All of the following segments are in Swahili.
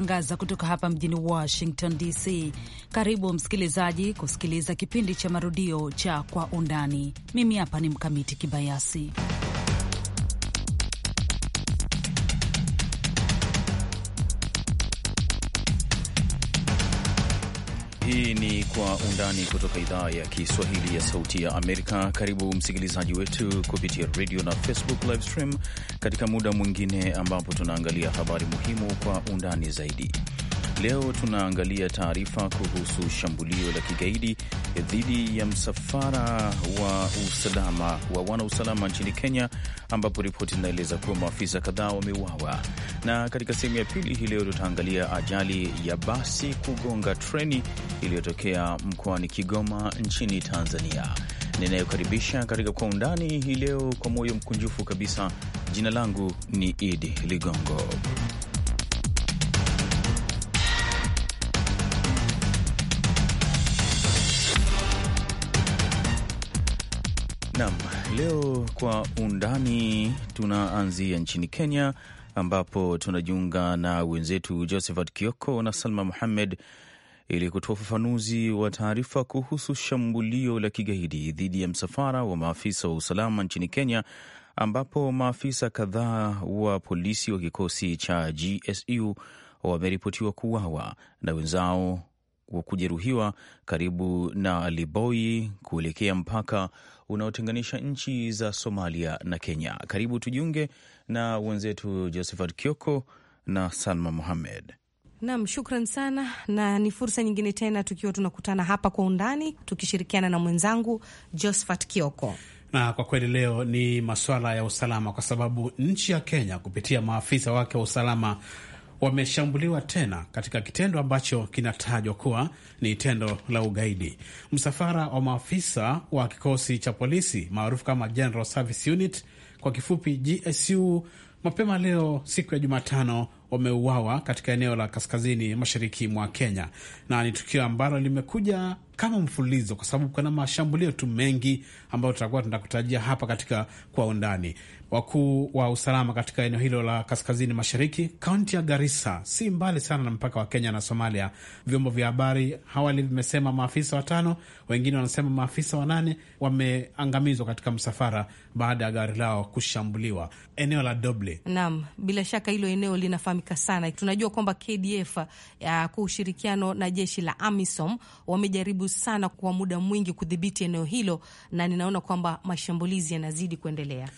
Tangaza kutoka hapa mjini Washington DC. Karibu msikilizaji kusikiliza kipindi cha marudio cha Kwa Undani. Mimi hapa ni Mkamiti Kibayasi. Hii ni Kwa Undani kutoka idhaa ya Kiswahili ya Sauti ya Amerika. Karibu msikilizaji wetu kupitia radio na Facebook live stream katika muda mwingine ambapo tunaangalia habari muhimu kwa undani zaidi. Leo tunaangalia taarifa kuhusu shambulio la kigaidi dhidi ya msafara wa usalama wa wanausalama nchini Kenya, ambapo ripoti zinaeleza kuwa maafisa kadhaa wameuawa. Na katika sehemu ya pili hii leo tutaangalia ajali ya basi kugonga treni iliyotokea mkoani Kigoma nchini Tanzania. Ninayokaribisha katika Kwa Undani hii leo kwa moyo mkunjufu kabisa. Jina langu ni Idi Ligongo. Nam, leo kwa undani tunaanzia nchini Kenya ambapo tunajiunga na wenzetu Josephat Kioko na Salma Muhammed ili kutoa ufafanuzi wa taarifa kuhusu shambulio la kigaidi dhidi ya msafara wa maafisa wa usalama nchini Kenya ambapo maafisa kadhaa wa polisi wa kikosi cha GSU wameripotiwa kuuawa na wenzao kujeruhiwa karibu na Liboi kuelekea mpaka unaotenganisha nchi za Somalia na Kenya. Karibu tujiunge na wenzetu Josephat Kioko na Salma muhamed Nam, shukran sana, na ni fursa nyingine tena tukiwa tunakutana hapa kwa undani tukishirikiana na mwenzangu Josephat Kioko. Na kwa kweli leo ni masuala ya usalama, kwa sababu nchi ya Kenya kupitia maafisa wake wa usalama wameshambuliwa tena katika kitendo ambacho kinatajwa kuwa ni tendo la ugaidi. Msafara wa maafisa wa kikosi cha polisi maarufu kama General Service Unit, kwa kifupi GSU, mapema leo siku ya Jumatano wameuawa katika eneo la kaskazini mashariki mwa Kenya, na ni tukio ambalo limekuja kama mfululizo, kwa sababu kuna mashambulio tu mengi ambayo tutakuwa tunakutajia hapa katika kwa undani. Wakuu wa usalama katika eneo hilo la kaskazini mashariki, kaunti ya Garissa, si mbali sana na mpaka wa Kenya na Somalia. Vyombo vya habari awali vimesema maafisa watano, wengine wanasema maafisa wanane wameangamizwa katika msafara baada ya gari lao kushambuliwa eneo la Doble. Naam, bila shaka hilo eneo linafahamika sana. Tunajua kwamba KDF kwa ushirikiano na jeshi la AMISOM wamejaribu sana kwa muda mwingi kudhibiti eneo hilo, na ninaona kwamba mashambulizi yanazidi kuendelea.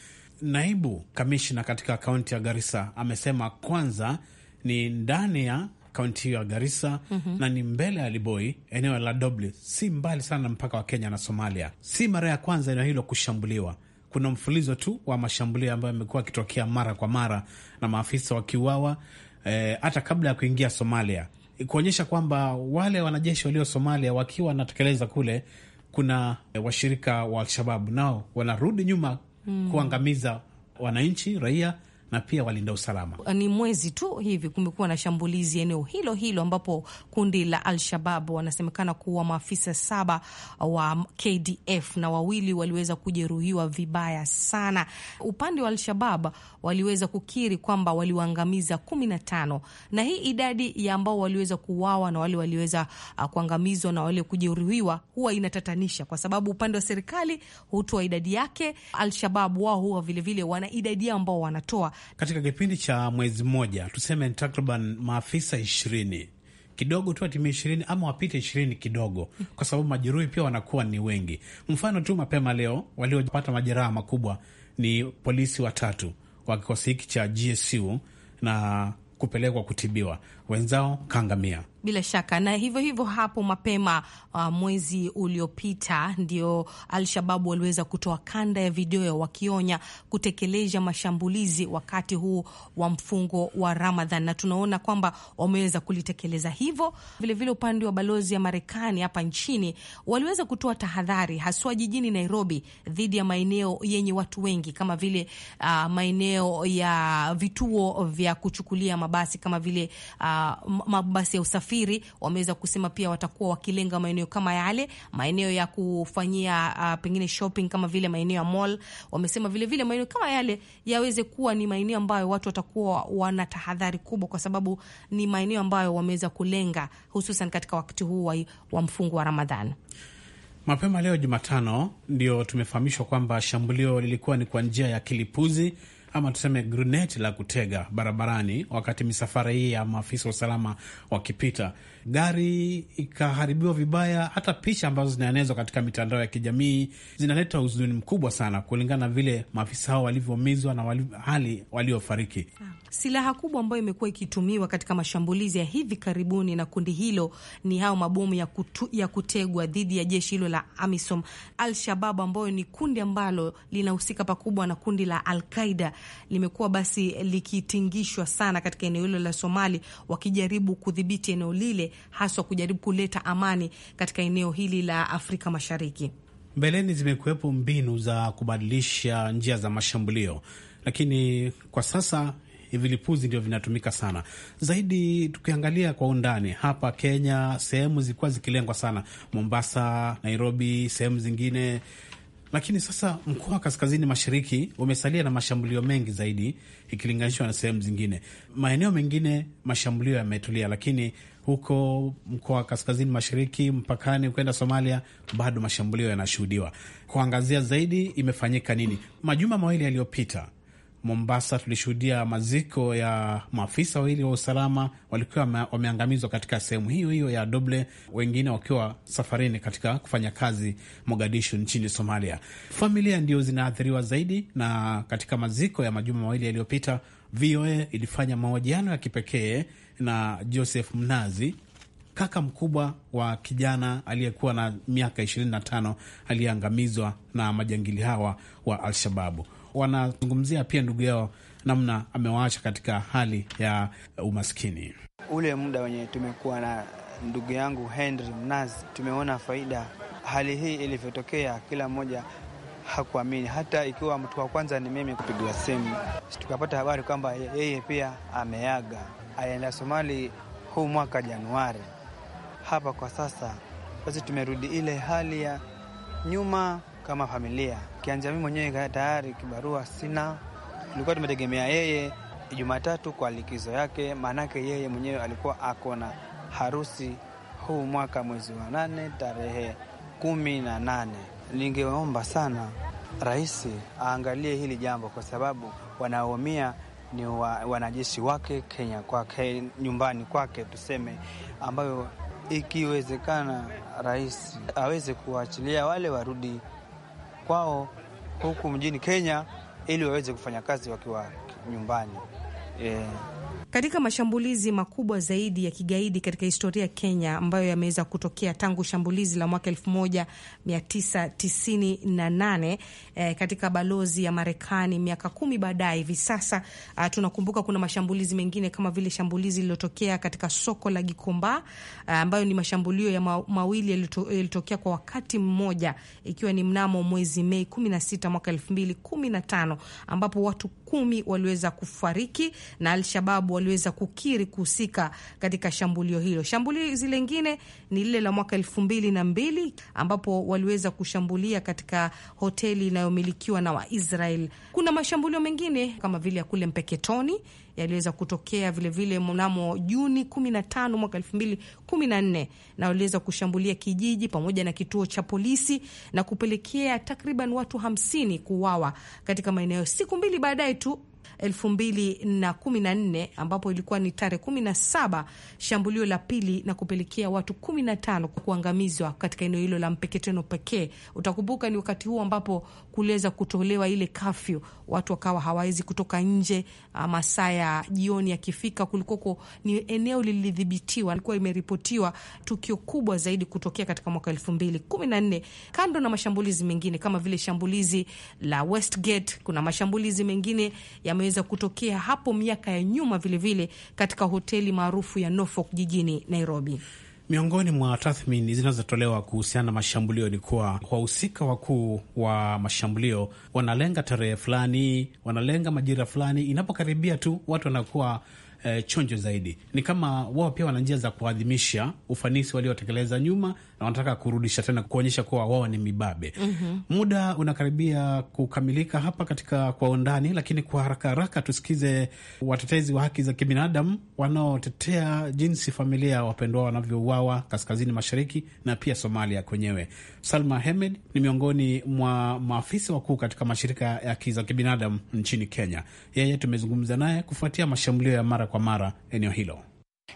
Naibu kamishna katika kaunti ya Garissa amesema kwanza ni ndani ya kaunti hiyo ya Garissa mm -hmm. na ni mbele ya Liboi, eneo la Doble, si mbali sana mpaka wa Kenya na Somalia. Si mara ya kwanza eneo hilo kushambuliwa. Kuna mfulizo tu wa mashambulio ambayo yamekuwa akitokea mara kwa mara na maafisa wakiuawa eh, hata eh, kabla ya kuingia Somalia, kuonyesha kwamba wale wanajeshi walio Somalia wakiwa wanatekeleza kule, kuna eh, washirika wa Alshababu nao wanarudi nyuma Hmm. kuangamiza wananchi raia na pia walinda usalama. Ni mwezi tu hivi kumekuwa na shambulizi eneo hilo hilo ambapo kundi la Al-Shabab wanasemekana kuwa maafisa saba wa KDF na wawili waliweza kujeruhiwa vibaya sana. Upande wa Al-Shabab waliweza kukiri kwamba waliwaangamiza kumi na tano na hii idadi ya ambao waliweza kuuawa na wale waliweza ah, kuangamizwa na wale kujeruhiwa huwa inatatanisha, kwa sababu upande wa serikali hutoa idadi yake. Al-Shabab wao huwa vilevile wana idadi yao ambao wanatoa katika kipindi cha mwezi mmoja, tuseme takriban maafisa ishirini kidogo tu atimie ishirini ama wapite ishirini kidogo, kwa sababu majeruhi pia wanakuwa ni wengi. Mfano tu mapema leo waliopata majeraha makubwa ni polisi watatu wa kikosi hiki cha GSU na kupelekwa kutibiwa wenzao Kangamia. Bila shaka na hivyo hivyo, hapo mapema uh, mwezi uliopita ndio alshababu waliweza kutoa kanda ya video wakionya kutekeleza mashambulizi wakati huu wa mfungo wa Ramadhan, na tunaona kwamba wameweza kulitekeleza hivyo. Vilevile upande wa balozi ya Marekani hapa nchini waliweza kutoa tahadhari haswa jijini Nairobi dhidi ya maeneo yenye watu wengi kama vile uh, maeneo ya vituo vya kuchukulia mabasi kama vile uh, mabasi ya usafiri wameweza kusema pia watakuwa wakilenga maeneo kama yale, maeneo ya kufanyia uh, pengine shopping kama vile maeneo ya mall. Wamesema vile vile maeneo kama yale yaweze kuwa ni maeneo ambayo watu watakuwa wana tahadhari kubwa, kwa sababu ni maeneo ambayo wameweza kulenga hususan katika wakati huu wa, wa mfungo wa ramadhan Mapema leo Jumatano ndio tumefahamishwa kwamba shambulio lilikuwa ni kwa njia ya kilipuzi ama tuseme gruneti la kutega barabarani wakati misafara hii ya maafisa wa usalama wakipita gari ikaharibiwa vibaya. Hata picha ambazo zinaenezwa katika mitandao ya kijamii zinaleta huzuni mkubwa sana, kulingana na vile maafisa hao walivyoumizwa na wali, hali waliofariki. Silaha kubwa ambayo imekuwa ikitumiwa katika mashambulizi ya hivi karibuni na kundi hilo ni hayo mabomu ya, kutu, ya kutegwa dhidi ya jeshi hilo la AMISOM. Al-Shabab ambayo ni kundi ambalo linahusika pakubwa na kundi la Al-Qaida limekuwa basi likitingishwa sana katika eneo hilo la Somali, wakijaribu kudhibiti eneo lile haswa kujaribu kuleta amani katika eneo hili la Afrika Mashariki. Mbeleni zimekuwepo mbinu za kubadilisha njia za mashambulio, lakini kwa sasa vilipuzi ndio vinatumika sana zaidi. Tukiangalia kwa undani hapa Kenya, sehemu zilikuwa zikilengwa sana, Mombasa, Nairobi, sehemu zingine, lakini sasa mkoa wa kaskazini mashariki umesalia na mashambulio mengi zaidi ikilinganishwa na sehemu zingine. Maeneo mengine mashambulio yametulia, lakini huko mkoa wa kaskazini mashariki mpakani kwenda Somalia, bado mashambulio yanashuhudiwa. Kuangazia zaidi imefanyika nini majuma mawili yaliyopita Mombasa tulishuhudia maziko ya maafisa wawili wa usalama walikuwa wameangamizwa katika sehemu hiyo hiyo ya Doble, wengine wakiwa safarini katika kufanya kazi Mogadishu nchini Somalia. Familia ndio zinaathiriwa zaidi, na katika maziko ya majuma mawili yaliyopita, VOA ilifanya mahojiano ya kipekee na Joseph Mnazi, kaka mkubwa wa kijana aliyekuwa na miaka 25 aliyeangamizwa na majangili hawa wa Alshababu wanazungumzia pia ndugu yao namna amewaacha katika hali ya umaskini. Ule muda wenye tumekuwa na ndugu yangu Henry Mnazi, tumeona faida hali hii ilivyotokea. Kila mmoja hakuamini, hata ikiwa mtu wa kwanza ni mimi kupigiwa simu, tukapata habari kwamba yeye pia ameaga. Alienda Somali huu mwaka Januari hapa kwa sasa. Basi tumerudi ile hali ya nyuma kama familia. Kianja mimi mwenyewe tayari kibarua sina, tulikuwa tumetegemea yeye Jumatatu kwa likizo yake, maanake yeye mwenyewe alikuwa ako na harusi huu mwaka mwezi wa nane tarehe kumi na nane. Ningeomba sana rais aangalie hili jambo, kwa sababu wanaoumia ni wa, wanajeshi wake Kenya kwake nyumbani kwake tuseme, ambayo ikiwezekana rais aweze kuwaachilia wale warudi kwao huku mjini Kenya ili waweze kufanya kazi wakiwa nyumbani. Yeah katika mashambulizi makubwa zaidi ya kigaidi katika historia ya Kenya ambayo yameweza kutokea tangu shambulizi la mwaka 1998 eh, katika balozi ya Marekani miaka kumi baadaye. Hivi sasa uh, tunakumbuka kuna mashambulizi mengine kama vile shambulizi lililotokea katika soko la Gikomba uh, ambayo ni mashambulio ya ma mawili yalitokea kwa wakati mmoja ikiwa ni mnamo mwezi Mei 16 mwaka 2015 ambapo watu kumi waliweza kufariki na Alshababu waliweza kukiri kuhusika katika shambulio hilo. Shambulizi lingine ni lile la mwaka elfu mbili na mbili ambapo waliweza kushambulia katika hoteli inayomilikiwa na Waisrael. Kuna mashambulio mengine kama vile ya kule Mpeketoni yaliweza kutokea vilevile mnamo Juni 15 mwaka 2014 na waliweza kushambulia kijiji pamoja na kituo cha polisi na kupelekea takriban watu 50 kuuawa katika maeneo. Siku mbili baadaye tu elfu mbili na kumi na nne ambapo ilikuwa ni tarehe kumi na saba shambulio la pili na kupelekea watu kumi na tano kuangamizwa katika eneo hilo la Mpeketeno pekee. Utakumbuka ni wakati huo ambapo kuliweza kutolewa ile kafyu, watu wakawa hawawezi kutoka nje. Ah, masaa ya jioni yakifika, Kulikoko ni eneo lilidhibitiwa. Ilikuwa imeripotiwa tukio kubwa zaidi kutokea katika mwaka elfu mbili kumi na nne, kando na mashambulizi mengine kama vile shambulizi la Westgate. Kuna mashambulizi mengine yame yaliweza kutokea hapo miaka ya nyuma vilevile vile katika hoteli maarufu ya Norfolk jijini Nairobi. Miongoni mwa tathmini zinazotolewa kuhusiana na mashambulio ni kuwa wahusika wakuu wa mashambulio wanalenga tarehe fulani, wanalenga majira fulani. Inapokaribia tu watu wanakuwa eh, chonjo zaidi. Ni kama wao pia wana njia za kuadhimisha ufanisi waliotekeleza nyuma wanataka kurudisha tena kuonyesha kuwa wao ni mibabe. mm -hmm. Muda unakaribia kukamilika hapa katika kwa undani, lakini kwa haraka haraka tusikize watetezi wa haki za kibinadamu wanaotetea jinsi familia ya wapendwa wanavyouawa kaskazini mashariki na pia Somalia kwenyewe. Salma Hemed ni miongoni mwa maafisa wakuu katika mashirika ya haki za kibinadamu nchini Kenya. Yeye tumezungumza naye kufuatia mashambulio ya mara kwa mara eneo hilo.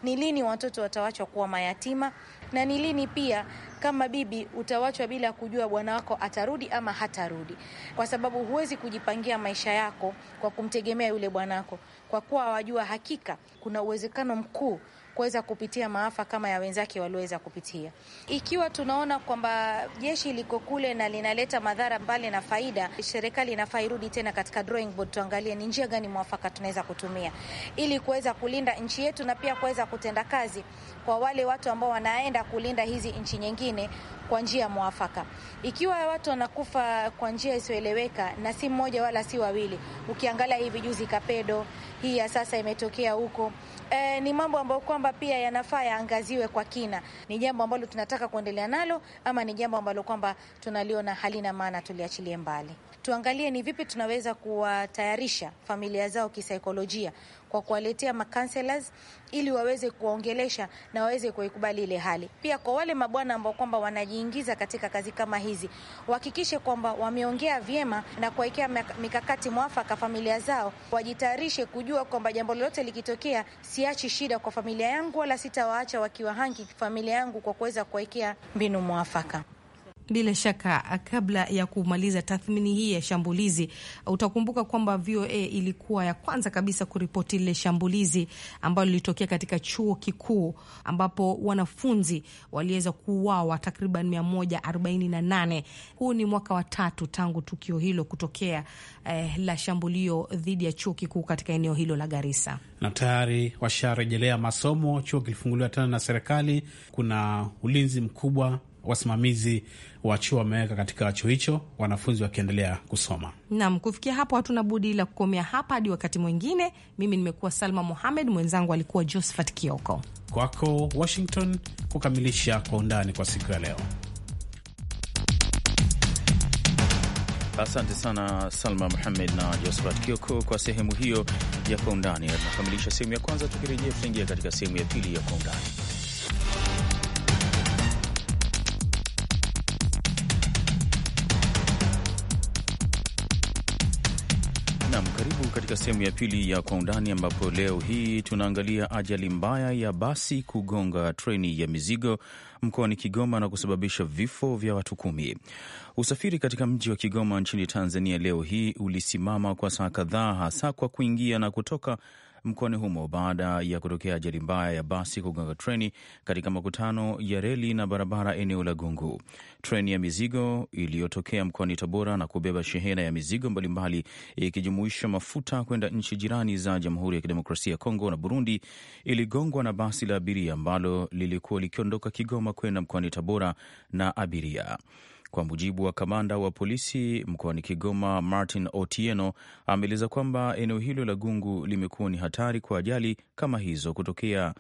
Ni lini watoto watawachwa kuwa mayatima? na ni lini pia kama bibi utawachwa bila kujua bwana wako atarudi ama hatarudi, kwa sababu huwezi kujipangia maisha yako kwa kumtegemea yule bwanako, kwa kuwa wajua hakika kuna uwezekano mkuu kuweza kupitia maafa kama ya wenzake walioweza kupitia. Ikiwa tunaona kwamba jeshi liko kule na linaleta madhara mbali na faida, serikali inafaa irudi tena katika drawing board, tuangalie ni njia gani mwafaka tunaweza kutumia ili kuweza kulinda nchi yetu na pia kuweza kutenda kazi kwa wale watu ambao wanaenda kulinda hizi nchi nyingine kwa njia mwafaka. Ikiwa watu wanakufa kwa njia isiyoeleweka na si mmoja wala si wawili, ukiangalia hivi juzi Kapedo, hii ya sasa imetokea huko E, ni mambo ambayo kwamba pia yanafaa yaangaziwe kwa kina. Ni jambo ambalo tunataka kuendelea nalo ama ni jambo ambalo kwamba tunaliona halina maana tuliachilie mbali? Tuangalie ni vipi tunaweza kuwatayarisha familia zao kisaikolojia kwa kuwaletea makanselas ili waweze kuwaongelesha na waweze kuikubali ile hali. Pia kwa wale mabwana ambao kwamba wanajiingiza katika kazi kama hizi, wahakikishe kwamba wameongea vyema na kuwekea mikakati mwafaka familia zao, wajitayarishe kujua kwamba jambo lolote likitokea siachi shida kwa familia yangu, wala sitawaacha wakiwa hangi familia yangu kwa kuweza kuwekea mbinu mwafaka. Bila shaka, kabla ya kumaliza tathmini hii ya shambulizi, utakumbuka kwamba VOA ilikuwa ya kwanza kabisa kuripoti lile shambulizi ambalo lilitokea katika chuo kikuu ambapo wanafunzi waliweza kuuawa takriban 148. Huu ni mwaka wa tatu tangu tukio hilo kutokea, eh, la shambulio dhidi ya chuo kikuu katika eneo hilo la Garissa, na tayari washarejelea masomo. Chuo kilifunguliwa tena na serikali, kuna ulinzi mkubwa wasimamizi wa chuo wameweka katika chuo hicho, wanafunzi wakiendelea kusoma. Naam, kufikia hapo hatuna budi la kukomea hapa hadi wakati mwingine. Mimi nimekuwa Salma Mohamed, mwenzangu alikuwa Josephat Kioko. Kwako Washington kukamilisha kwa undani kwa siku ya leo. Asante sana Salma Muhamed na Josephat Kioko kwa sehemu hiyo ya Kwa Undani. Tunakamilisha sehemu ya kwanza, tukirejea tutaingia katika sehemu ya pili ya Kwa Undani. katika sehemu ya pili ya Kwa Undani, ambapo leo hii tunaangalia ajali mbaya ya basi kugonga treni ya mizigo mkoani Kigoma na kusababisha vifo vya watu kumi. Usafiri katika mji wa Kigoma nchini Tanzania leo hii ulisimama kwa saa kadhaa, hasa kwa kuingia na kutoka mkoani humo baada ya kutokea ajali mbaya ya basi kugonga treni katika makutano ya reli na barabara eneo la Gungu. Treni ya mizigo iliyotokea mkoani Tabora na kubeba shehena ya mizigo mbalimbali ikijumuisha mafuta kwenda nchi jirani za Jamhuri ya Kidemokrasia ya Kongo na Burundi iligongwa na basi la abiria ambalo lilikuwa likiondoka Kigoma kwenda mkoani Tabora na abiria kwa mujibu wa kamanda wa polisi mkoani Kigoma, Martin Otieno, ameeleza kwamba eneo hilo la Gungu limekuwa ni hatari kwa ajali kama hizo kutokea.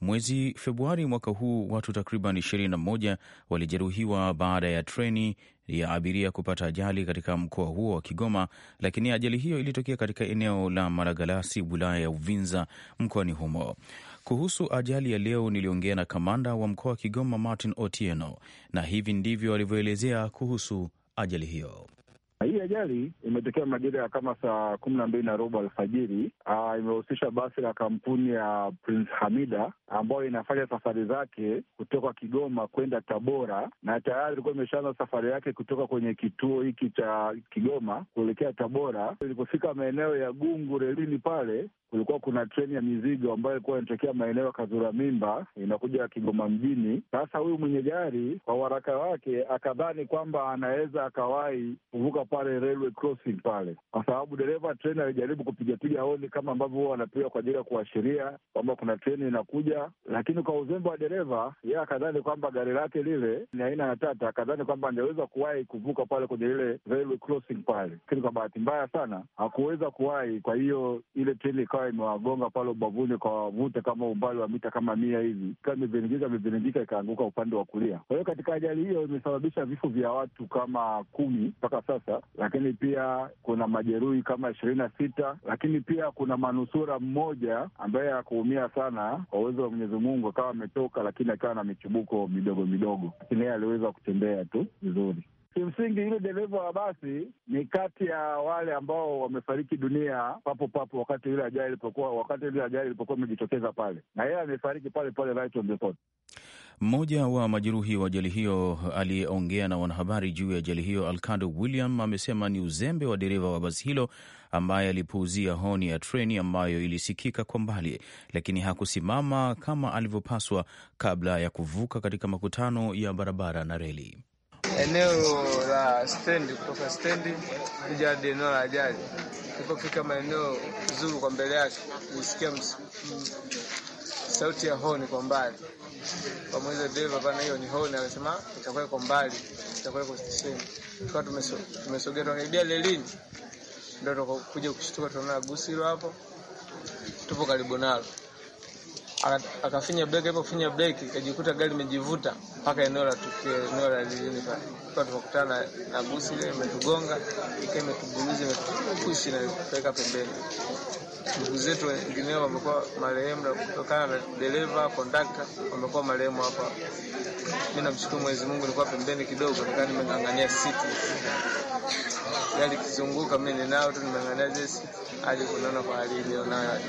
Mwezi Februari mwaka huu watu takriban 21 walijeruhiwa baada ya treni ya abiria kupata ajali katika mkoa huo wa Kigoma, lakini ajali hiyo ilitokea katika eneo la Maragalasi, wilaya ya Uvinza, mkoani humo. Kuhusu ajali ya leo, niliongea na kamanda wa mkoa wa Kigoma Martin Otieno, na hivi ndivyo alivyoelezea kuhusu ajali hiyo. Hii ajali imetokea majira ya kama saa kumi na mbili na robo alfajiri. Ah, imehusisha basi la kampuni ya Prince Hamida ambayo inafanya safari zake kutoka Kigoma kwenda Tabora, na tayari ilikuwa imeshaanza safari yake kutoka kwenye kituo hiki cha Kigoma kuelekea Tabora. Ilipofika maeneo ya Gungu relini pale, kulikuwa kuna treni ya mizigo ambayo ilikuwa inatokea maeneo ya Kazura Mimba inakuja Kigoma mjini. Sasa huyu mwenye gari kwa uharaka wake akadhani kwamba anaweza akawahi kuvuka pale railway crossing pale, kwa sababu dereva treni alijaribu kupigapiga honi kama ambavyo huwa wanapiga kwa ajili ya kuashiria kwamba kuna treni inakuja, lakini kwa uzembe wa dereva, yeye akadhani kwamba gari lake lile ni aina ya Tata, akadhani kwamba angeweza kuwahi kuvuka pale kwenye ile railway crossing pale, lakini kwa bahati mbaya sana hakuweza kuwahi. Kwa hiyo ile treni ikawa imewagonga pale ubavuni kwa wavute kama umbali wa mita kama mia hivi, ikawa imeviringika imeviringika, ikaanguka upande wa kulia. Kwa hiyo katika ajali hiyo imesababisha vifo vya watu kama kumi mpaka sasa lakini pia kuna majeruhi kama ishirini na sita, lakini pia kuna manusura mmoja ambaye hakuumia sana kwa uwezo wa Mwenyezi Mungu, akawa ametoka, lakini akawa na michubuko midogo midogo, lakini yeye aliweza kutembea tu vizuri. Kimsingi yule dereva wa basi ni kati ya wale ambao wamefariki dunia papo papo wakati ile ajali ilipokuwa wakati ile ajali ilipokuwa imejitokeza pale, na yeye amefariki pale pale right on the spot. Mmoja wa majeruhi wa ajali hiyo aliyeongea na wanahabari juu ya ajali hiyo, Alcando William, amesema ni uzembe wa dereva wa basi hilo ambaye alipuuzia honi ya treni ambayo ilisikika kwa mbali, lakini hakusimama kama alivyopaswa kabla ya kuvuka katika makutano ya barabara na reli eneo la stendi, kutoka stendi kuja hadi eneo la ajali. Tulipofika maeneo zuru kwa mbele yake, usikia mm, sauti ya honi kwa mbali, pamoja dereva bana, hiyo ni honi. Akasema itakuwa kwa mbali, itakuwa kwa stesheni. Tukawa tumesogea tunakaribia lelini, ndio tukakuja kushtuka, tunaona gusi hilo hapo, tupo karibu nalo akafinya breki, finya breki ikajikuta gari imejivuta mpaka eneo la tukio, eneo la lilini pale, kwa tukakutana na busi ile imetugonga, ikae imetuguliza, imetukushi na kupeleka pembeni. Ndugu zetu wengine wamekuwa marehemu kutokana na dereva, kondakta wamekuwa marehemu hapa. Mimi namshukuru Mwenyezi Mungu, nilikuwa pembeni kidogo, nikawa nimeng'ang'ania siti yalikizunguka mimi nao tu, nimeangalia hadi kunaona kwa hali ilionayo.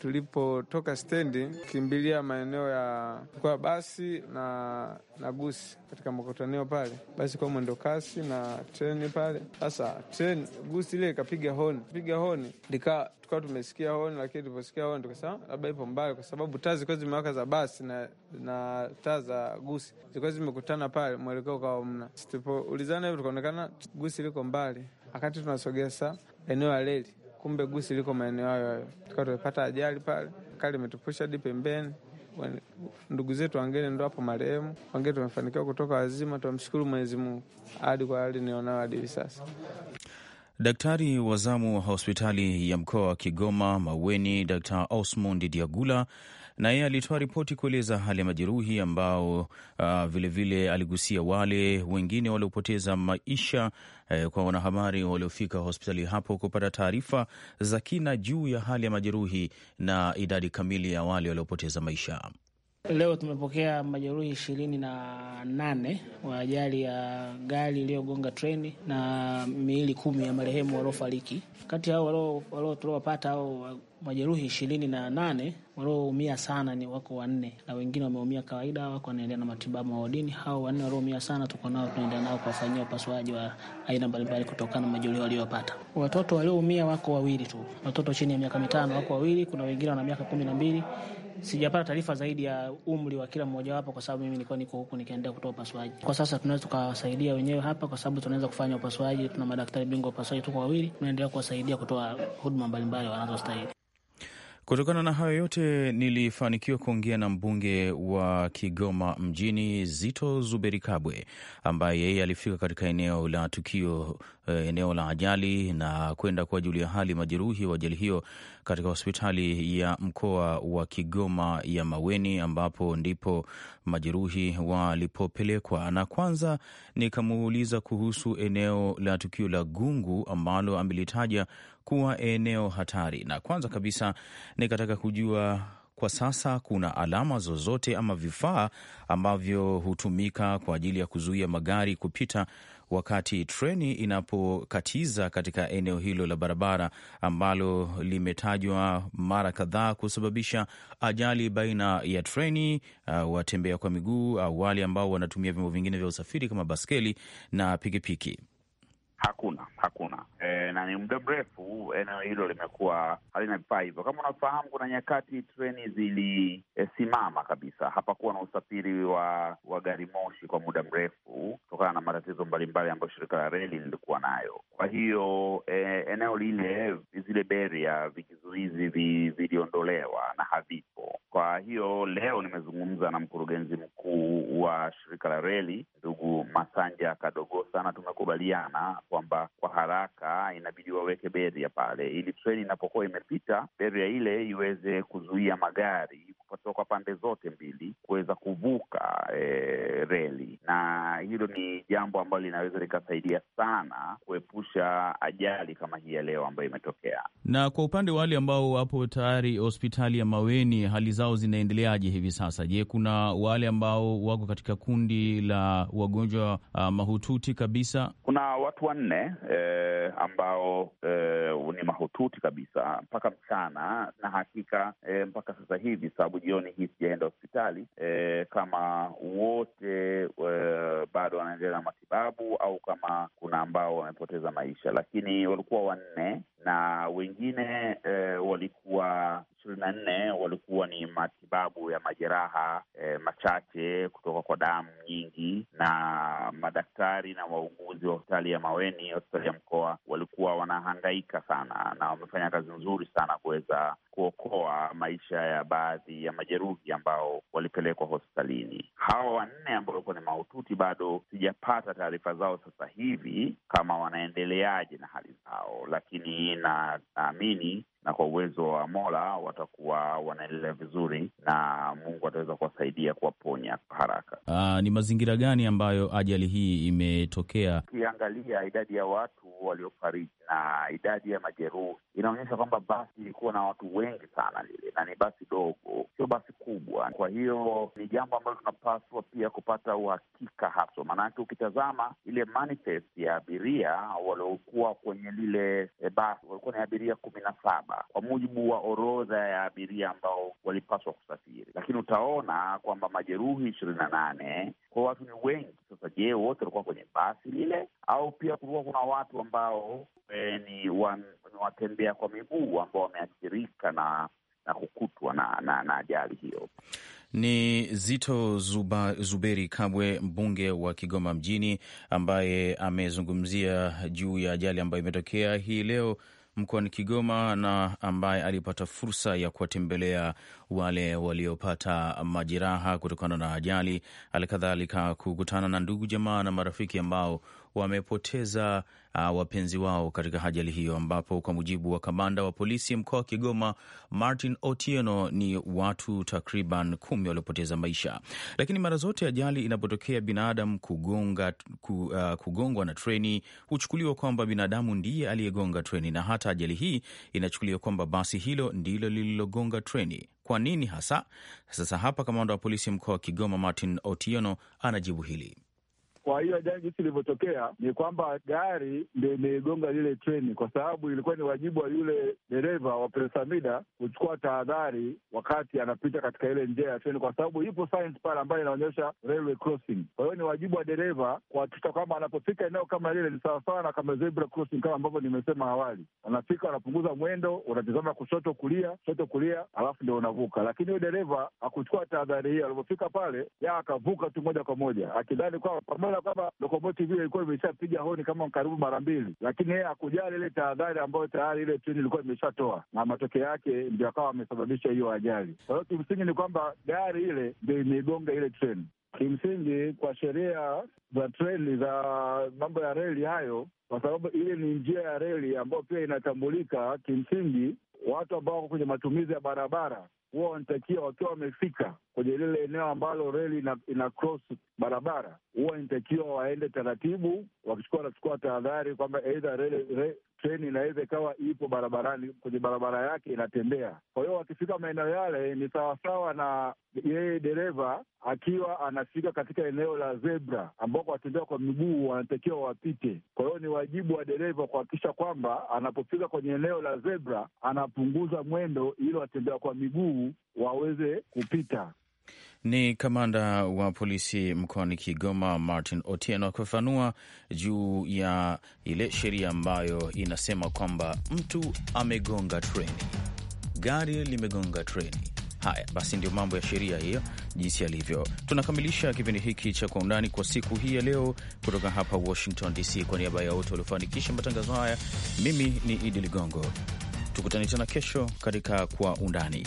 Tulipotoka stendi kimbilia maeneo ya kwa basi na na gusi katika makutanio pale, basi kwa mwendo kasi na treni pale. Sasa treni gusi ile ikapiga honi, piga honi lika, tukawa tumesikia honi, lakini tuliposikia honi tukasema labda ipo mbali, kwa sababu taa zilikuwa zimewaka za basi na, na taa za gusi zilikuwa zimekutana pale, mwelekeo ukawa mna. Tulipoulizana hivyo tukaonekana gusi liko mbali, wakati tunasogesa eneo la reli, kumbe gusi liko maeneo hayo hayo, tukawa tumepata ajali pale, kali imetupusha hadi pembeni. Ndugu zetu wangine ndo hapo marehemu, wangine tumefanikiwa kutoka wazima, tumshukuru Mwenyezi Mungu hadi kwa hali nionao hadi hivi sasa. Daktari wa zamu wa hospitali ya mkoa wa Kigoma Maweni, dr Osmond Diagula naye alitoa ripoti kueleza hali ya majeruhi ambao vilevile uh, vile aligusia wale wengine waliopoteza maisha eh, kwa wanahabari waliofika hospitali hapo kupata taarifa za kina juu ya hali ya majeruhi na idadi kamili ya wale waliopoteza maisha. Leo tumepokea majeruhi ishirini na nane wa ajali ya gari iliyogonga treni na miili kumi ya marehemu waliofariki. Kati ya hao waliowapata au majeruhi ishirini na nane walioumia sana ni wako wanne, na wengine wameumia kawaida, wako wanaendelea na matibabu wodini. Hao wanne walioumia sana tuko nao, tunaendelea nao kuwafanyia upasuaji wa aina mbalimbali kutokana na majeruhi waliopata. Watoto walioumia wako wawili tu, watoto chini ya miaka mitano wako wawili, kuna wengine wana miaka kumi na mbili. Sijapata taarifa zaidi ya umri wa kila mmoja wapo, kwa sababu mimi nilikuwa niko huku nikiendelea kutoa upasuaji. Kwa sasa tunaweza tukawasaidia wenyewe hapa, kwa sababu tunaweza kufanya upasuaji. Tuna madaktari bingwa upasuaji, tuko wawili, tunaendelea kuwasaidia kutoa huduma mbalimbali wanazostahili. Kutokana na hayo yote, nilifanikiwa kuongea na mbunge wa Kigoma mjini Zito Zuberi Kabwe, ambaye yeye alifika katika eneo la tukio, eh, eneo la ajali na kwenda kuwajulia hali majeruhi wa ajali hiyo katika hospitali ya mkoa wa Kigoma ya Maweni, ambapo ndipo majeruhi walipopelekwa. Na kwanza nikamuuliza kuhusu eneo la tukio la gungu ambalo amelitaja kuwa eneo hatari, na kwanza kabisa nikataka kujua kwa sasa kuna alama zozote ama vifaa ambavyo hutumika kwa ajili ya kuzuia magari kupita wakati treni inapokatiza katika eneo hilo la barabara ambalo limetajwa mara kadhaa kusababisha ajali baina ya treni, uh, watembea kwa miguu au uh, wale ambao wanatumia vyombo vingine vya usafiri kama baskeli na pikipiki piki. Hakuna, hakuna e, na ni muda mrefu eneo hilo limekuwa halina vifaa hivyo. Kama unafahamu, kuna nyakati treni zilisimama e, kabisa. Hapakuwa na usafiri wa wa gari moshi kwa muda mrefu kutokana na matatizo mbalimbali ambayo shirika la reli lilikuwa nayo. Kwa hiyo e, eneo lile, zile beria, vikizuizi viliondolewa na havipo. Kwa hiyo leo nimezungumza na mkurugenzi mkuu wa shirika la reli ndugu Masanja Kadogosa na tumekubaliana kwamba kwa haraka inabidi waweke beria pale, ili treni inapokuwa imepita beria ile iweze kuzuia magari kutoka kwa pande zote mbili kuweza kuvuka e, reli, na hilo ni jambo ambalo linaweza likasaidia sana kuepusha ajali kama hii ya leo ambayo imetokea. Na kwa upande wa wale ambao wapo tayari hospitali ya Maweni, hali zao zinaendeleaje hivi sasa? Je, kuna wale ambao wako katika kundi la wagonjwa uh, mahututi kabisa? Kuna watu wanne eh, ambao eh, ni mahututi kabisa mpaka mchana na hakika eh, mpaka sasa hivi sababu jioni hii sijaenda hospitali e, kama wote e, bado wanaendelea na matibabu au kama kuna ambao wamepoteza maisha, lakini walikuwa wanne na wengine e, walikuwa ishirini na nne walikuwa ni matibabu ya majeraha e, machache kutoka kwa damu nyingi, na madaktari na wauguzi wa hospitali ya Maweni, hospitali ya mkoa walikuwa wanahangaika sana na wamefanya kazi nzuri sana kuweza kuokoa maisha ya baadhi ya majeruhi ambao walipelekwa hospitalini. Hawa wanne ambao ni mahututi, bado sijapata taarifa zao sasa hivi kama wanaendeleaje na hali zao, lakini naamini na kwa uwezo wa Mola watakuwa wanaendelea vizuri na Mungu ataweza kuwasaidia kuwaponya kwa haraka. Aa, ah, ni mazingira gani ambayo ajali hii imetokea? Ukiangalia idadi ya watu waliofariki na idadi ya majeruhi inaonyesha kwamba basi ilikuwa na watu wengi sana lile, na ni basi dogo, sio basi kubwa. Kwa hiyo ni jambo ambalo tunapaswa pia kupata uhakika haswa, maanake ukitazama ile manifest ya abiria waliokuwa kwenye lile eh, basi walikuwa ni abiria kumi na saba saba kwa mujibu wa orodha ya abiria ambao walipaswa kusafiri, lakini utaona kwamba majeruhi ishirini na nane kwa watu ni wengi. Sasa je, wote walikuwa kwenye basi lile au pia kulikuwa kuna watu ambao e, ni watembea kwa miguu ambao wameathirika na na kukutwa na, na, na ajali hiyo. Ni Zito Zuba, Zuberi Kabwe, mbunge wa Kigoma Mjini, ambaye amezungumzia juu ya ajali ambayo imetokea hii leo mkoani Kigoma na ambaye alipata fursa ya kuwatembelea wale waliopata majeraha kutokana na ajali, halikadhalika kukutana na ndugu jamaa na marafiki ambao wamepoteza uh, wapenzi wao katika ajali hiyo, ambapo kwa mujibu wa kamanda wa polisi mkoa wa Kigoma Martin Otieno ni watu takriban kumi waliopoteza maisha. Lakini mara zote ajali inapotokea, binadamu kugonga, ku, uh, kugongwa na treni huchukuliwa kwamba binadamu ndiye aliyegonga treni, na hata ajali hii inachukuliwa kwamba basi hilo ndilo lililogonga treni. Kwa nini hasa? Sasa hapa kamanda wa polisi mkoa wa Kigoma Martin Otieno anajibu hili. Kwa hiyo ajali jinsi ilivyotokea ni kwamba gari ndio imeigonga lile treni, kwa sababu ilikuwa ni wajibu wa yule dereva wa Presamida kuchukua tahadhari wakati anapita katika ile njia ya treni, kwa sababu ipo signs pale ambayo inaonyesha railway crossing. Kwa hiyo ni wajibu wa dereva kuhakikisha kwamba anapofika eneo kama lile ni sawasawa na kama zebra crossing, kama ambavyo nimesema awali, anafika anapunguza mwendo, unatizama kushoto kulia, kushoto kulia, alafu ndio unavuka. Lakini huyo dereva hakuchukua tahadhari hiyo, alivyofika pale ya akavuka tu moja kwa moja akidhani kwamba kuona kwamba lokomotiv hiyo ilikuwa imeshapiga honi kama karibu mara mbili, lakini yeye hakujali ile tahadhari ambayo tayari ile treni ilikuwa imeshatoa, na matokeo yake ndio akawa amesababisha hiyo ajali. Kwa hiyo kimsingi ni kwamba gari ile ndio imeigonga ile treni. Kimsingi kwa sheria za treni za mambo ya reli hayo, kwa sababu ile ni njia ya reli ambayo pia inatambulika kimsingi watu ambao wako kwenye matumizi ya barabara huwa wanatakiwa wakiwa wamefika kwenye lile eneo ambalo reli ina, ina cross barabara, huwa inatakiwa waende taratibu, wakichukua wanachukua tahadhari kwamba eidha reli treni inaweza ikawa ipo barabarani kwenye barabara yake inatembea. Kwa hiyo wakifika maeneo yale ni sawasawa na yeye dereva akiwa anafika katika eneo la zebra ambako watembea kwa miguu wanatakiwa wapite. Kwa hiyo ni wajibu wa dereva kuhakikisha kwamba anapofika kwenye eneo la zebra ana wanapunguza mwendo ili watembea kwa miguu waweze kupita. Ni kamanda wa polisi mkoani Kigoma, Martin Otieno, akifafanua juu ya ile sheria ambayo inasema kwamba mtu amegonga treni, gari limegonga treni. Haya basi, ndio mambo ya sheria hiyo jinsi yalivyo. Tunakamilisha kipindi hiki cha Kwa Undani kwa siku hii ya leo, kutoka hapa Washington DC. Kwa niaba ya wote waliofanikisha matangazo haya, mimi ni Idi Ligongo Tukutane tena kesho katika Kwa Undani.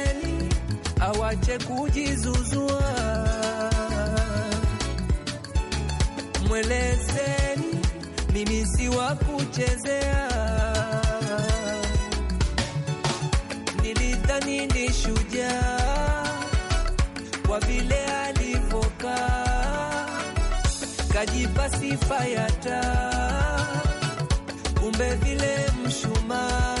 awache kujizuzua, mwelezeni mimi si wa kuchezea. Nilidhani ni shujaa kwa vile alivokaa kajipa sifa ya taa, kumbe vile mshumaa